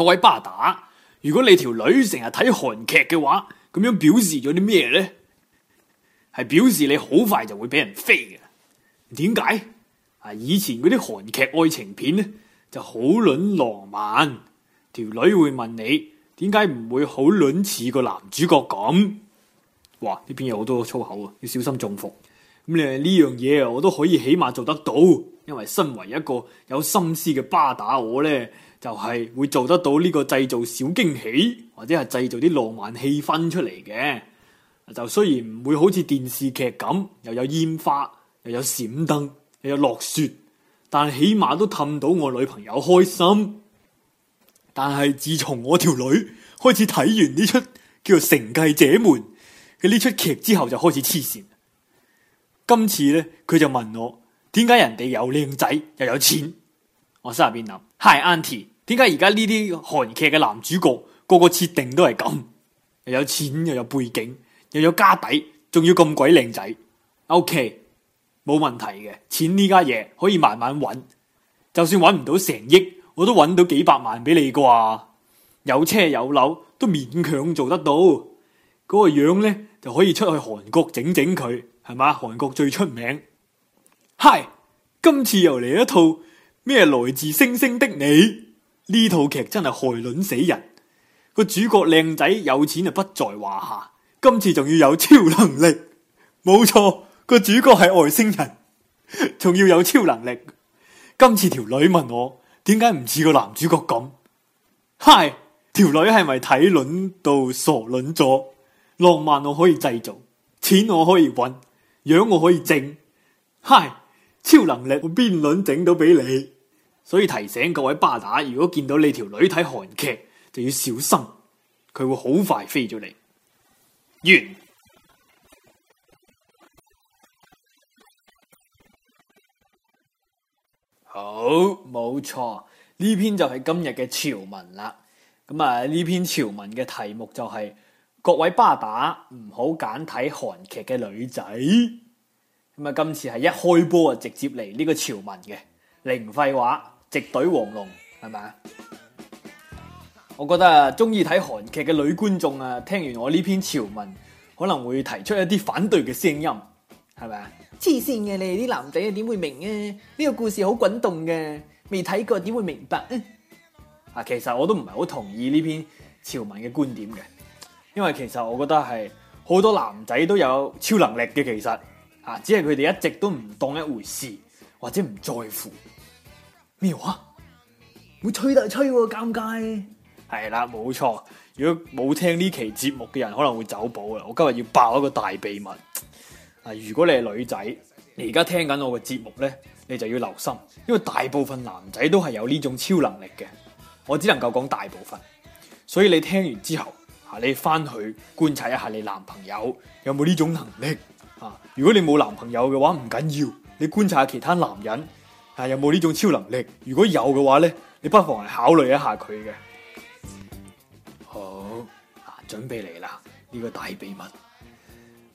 各位巴打，如果你條女成日睇韓劇嘅話，咁樣表示咗啲咩呢？係表示你好快就會俾人飛嘅。點解？啊，以前嗰啲韓劇愛情片呢，就好卵浪漫，條女會問你點解唔會好卵似個男主角咁。哇！呢邊有好多粗口啊，要小心中伏。咁你呢樣嘢，我都可以起碼做得到，因為身為一個有心思嘅巴打，我呢。就係會做得到呢個製造小驚喜，或者係製造啲浪漫氣氛出嚟嘅。就雖然唔會好似電視劇咁，又有煙花，又有閃燈，又有落雪，但起碼都氹到我女朋友開心。但係自從我條女開始睇完呢出叫做《繼承者們》嘅呢出劇之後，就開始黐線。今次呢，佢就問我點解人哋又靚仔又有錢。我心入邊諗，Hi，Auntie。點解而家呢啲韓劇嘅男主角個個設定都係咁，又有錢又有背景，又有家底，仲要咁鬼靚仔？OK，冇問題嘅。錢呢家嘢可以慢慢揾，就算揾唔到成億，我都揾到幾百萬俾你啩。有車有樓都勉強做得到，嗰個樣咧就可以出去韓國整整佢，係嘛？韓國最出名。嗨，今次又嚟一套咩來自星星的你。呢套劇真係害卵死人，個主角靚仔有錢就不在話下，今次仲要有超能力。冇錯，個主角係外星人，仲要有超能力。今次條女問我點解唔似個男主角咁？嗨，條女係咪睇卵到傻卵咗？浪漫我可以製造，錢我可以搵，樣我可以整，嗨，超能力我邊卵整到俾你？所以提醒各位巴打，如果見到你條女睇韓劇，就要小心，佢會好快飛咗嚟。完。好，冇錯，呢篇就係今日嘅潮文啦。咁啊，呢篇潮文嘅題目就係各位巴打唔好揀睇韓劇嘅女仔。咁啊，今次係一開波啊，直接嚟呢個潮文嘅。零廢話，直懟黃龍，係咪啊？我覺得啊，中意睇韓劇嘅女觀眾啊，聽完我呢篇潮文，可能會提出一啲反對嘅聲音，係咪啊？黐線嘅，你哋啲男仔點會明呢？呢個故事好滾動嘅，未睇過點會明白咧？啊，其實我都唔係好同意呢篇潮文嘅觀點嘅，因為其實我覺得係好多男仔都有超能力嘅，其實啊，只係佢哋一直都唔當一回事。或者唔在乎咩話？會吹得吹，尷尬。係啦，冇錯。如果冇聽呢期節目嘅人，可能會走寶啦。我今日要爆一個大秘密。啊，如果你係女仔，你而家聽緊我嘅節目呢，你就要留心，因為大部分男仔都係有呢種超能力嘅。我只能夠講大部分。所以你聽完之後，吓你翻去觀察一下你男朋友有冇呢種能力。啊，如果你冇男朋友嘅話，唔緊要，要。你觀察下其他男人，啊，有冇呢種超能力？如果有嘅話咧，你不妨嚟考慮一下佢嘅。好啊，準備嚟啦！呢、這個大秘密，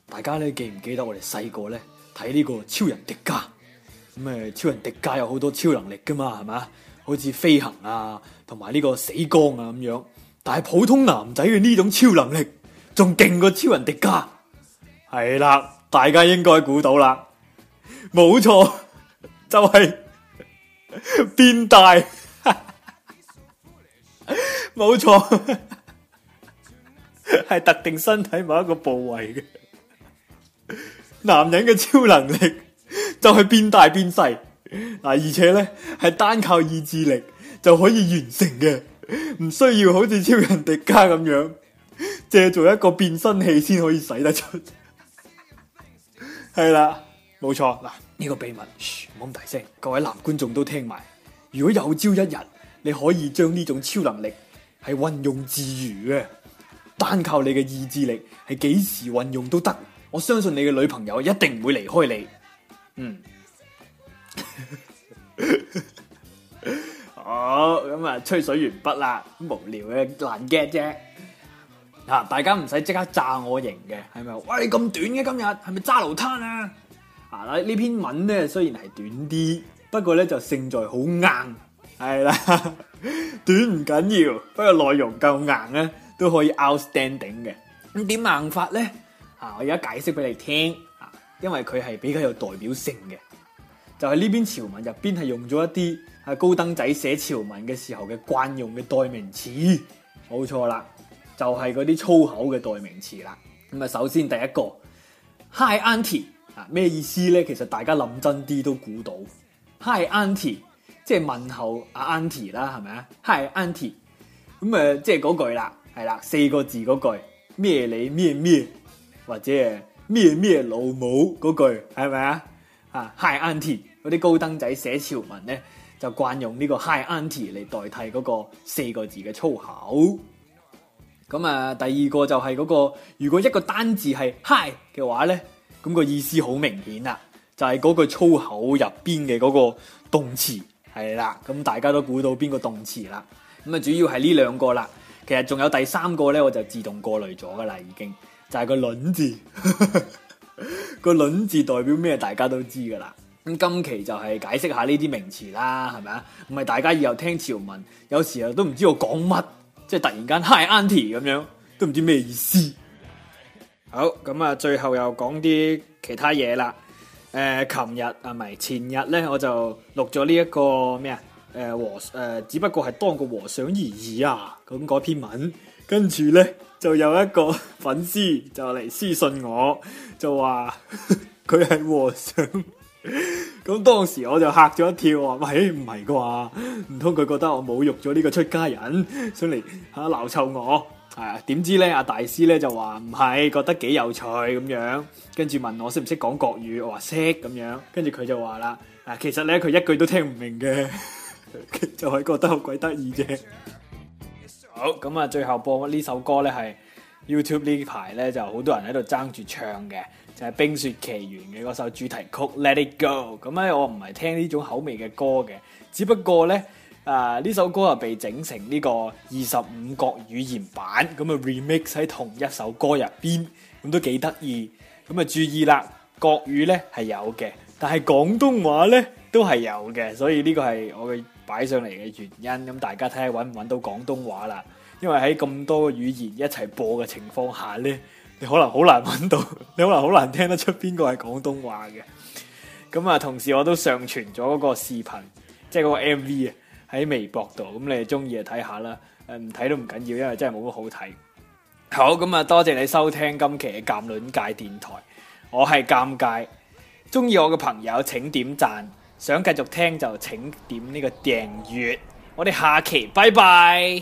大家咧記唔記得我哋細個咧睇呢個超人迪迦？咁、嗯、誒，超人迪迦有好多超能力噶嘛，係嘛？好似飛行啊，同埋呢個死光啊咁樣。但係普通男仔嘅呢種超能力，仲勁過超人迪迦。係啦，大家應該估到啦。冇錯，就係、是、 變大，冇 錯沒錯，係 特定身體某一個部位嘅 男人嘅超能力就係變大變細，嗱，而且咧係單靠意志力就可以完成嘅，唔需要好似超人迪迦咁樣，借 助一個變身器先可以使得出，係 啦。冇錯，嗱呢個秘密，噓，冇咁大聲，各位男觀眾都聽埋。如果有朝一日，你可以將呢種超能力係運用自如嘅，單靠你嘅意志力係幾時運用都得。我相信你嘅女朋友一定唔會離開你。嗯， 好，咁啊吹水完畢啦，無聊嘅難 get 啫。啊，大家唔使即刻炸我型嘅，係咪？喂，你咁短嘅今日係咪揸流攤啊？啊！呢篇文咧雖然係短啲，不過咧就勝在好硬，係啦。短唔緊要，不過內容夠硬咧都可以 outstanding 嘅。咁點硬法咧？啊，我而家解釋俾你聽啊，因為佢係比較有代表性嘅，就係、是、呢篇潮文入邊係用咗一啲係高登仔寫潮文嘅時候嘅慣用嘅代名詞，冇錯啦，就係嗰啲粗口嘅代名詞啦。咁、嗯、啊，首先第一個，Hi Auntie。啊，咩意思咧？其實大家諗真啲都估到。Hi Auntie，即係問候阿 Auntie 啦，係咪啊？Hi Auntie，咁誒，即係嗰句啦，係啦，四個字嗰句咩你咩咩，或者咩咩老母嗰句係咪啊？啊，Hi Auntie，嗰啲高登仔寫潮文咧，就慣用呢個 Hi Auntie 嚟代替嗰個四個字嘅粗口。咁啊，第二個就係嗰個，如果一個單字係 Hi 嘅話咧。咁個意思好明顯啦，就係嗰句粗口入邊嘅嗰個動詞係啦，咁大家都估到邊個動詞啦。咁啊，主要係呢兩個啦，其實仲有第三個咧，我就自動過濾咗噶啦，已經就係個卵字， 個卵字代表咩？大家都知噶啦。咁今期就係解釋下呢啲名詞啦，係咪啊？唔係大家以後聽潮文，有時候都唔知我講乜，即係突然間 Hi Auntie 咁樣，都唔知咩意思。好，咁啊，最後又講啲其他嘢啦。誒、呃，琴日啊，咪？前日咧，我就錄咗呢一個咩啊？誒、呃、和誒、呃，只不過係當個和尚而已啊。咁嗰篇文，跟住咧就有一個粉絲就嚟私信我，就話佢係和尚。咁 當時我就嚇咗一跳啊！喂，唔係啩？唔通佢覺得我侮辱咗呢個出家人，上嚟吓鬧臭我？係啊，點知咧？阿大師咧就話唔係，覺得幾有趣咁樣，跟住問我識唔識講國語，我話識咁樣，跟住佢就話啦，啊，其實咧佢一句都聽唔明嘅， 就係覺得好鬼得意啫。 好，咁啊，最後播呢首歌咧係 YouTube 呢排咧就好多人喺度爭住唱嘅，就係、是《冰雪奇緣》嘅嗰首主題曲《Let It Go》。咁咧，我唔係聽呢種口味嘅歌嘅，只不過咧。啊！呢首歌啊被整成呢個二十五國語言版，咁啊 remix 喺同一首歌入邊，咁都幾得意。咁啊注意啦，國語呢係有嘅，但係廣東話呢都係有嘅，所以呢個係我嘅擺上嚟嘅原因。咁大家睇下揾唔揾到廣東話啦？因為喺咁多嘅語言一齊播嘅情況下呢，你可能好難揾到，你可能好難聽得出邊個係廣東話嘅。咁、嗯、啊，同時我都上傳咗嗰個視頻，即係嗰個 MV 啊。喺微博度，咁你哋中意就睇下啦，唔睇都唔緊要，因為真係冇乜好睇。好，咁啊，多謝你收聽今期嘅鑑論界電台，我係鑑界，中意我嘅朋友請點讚，想繼續聽就請點呢個訂閱，我哋下期拜拜。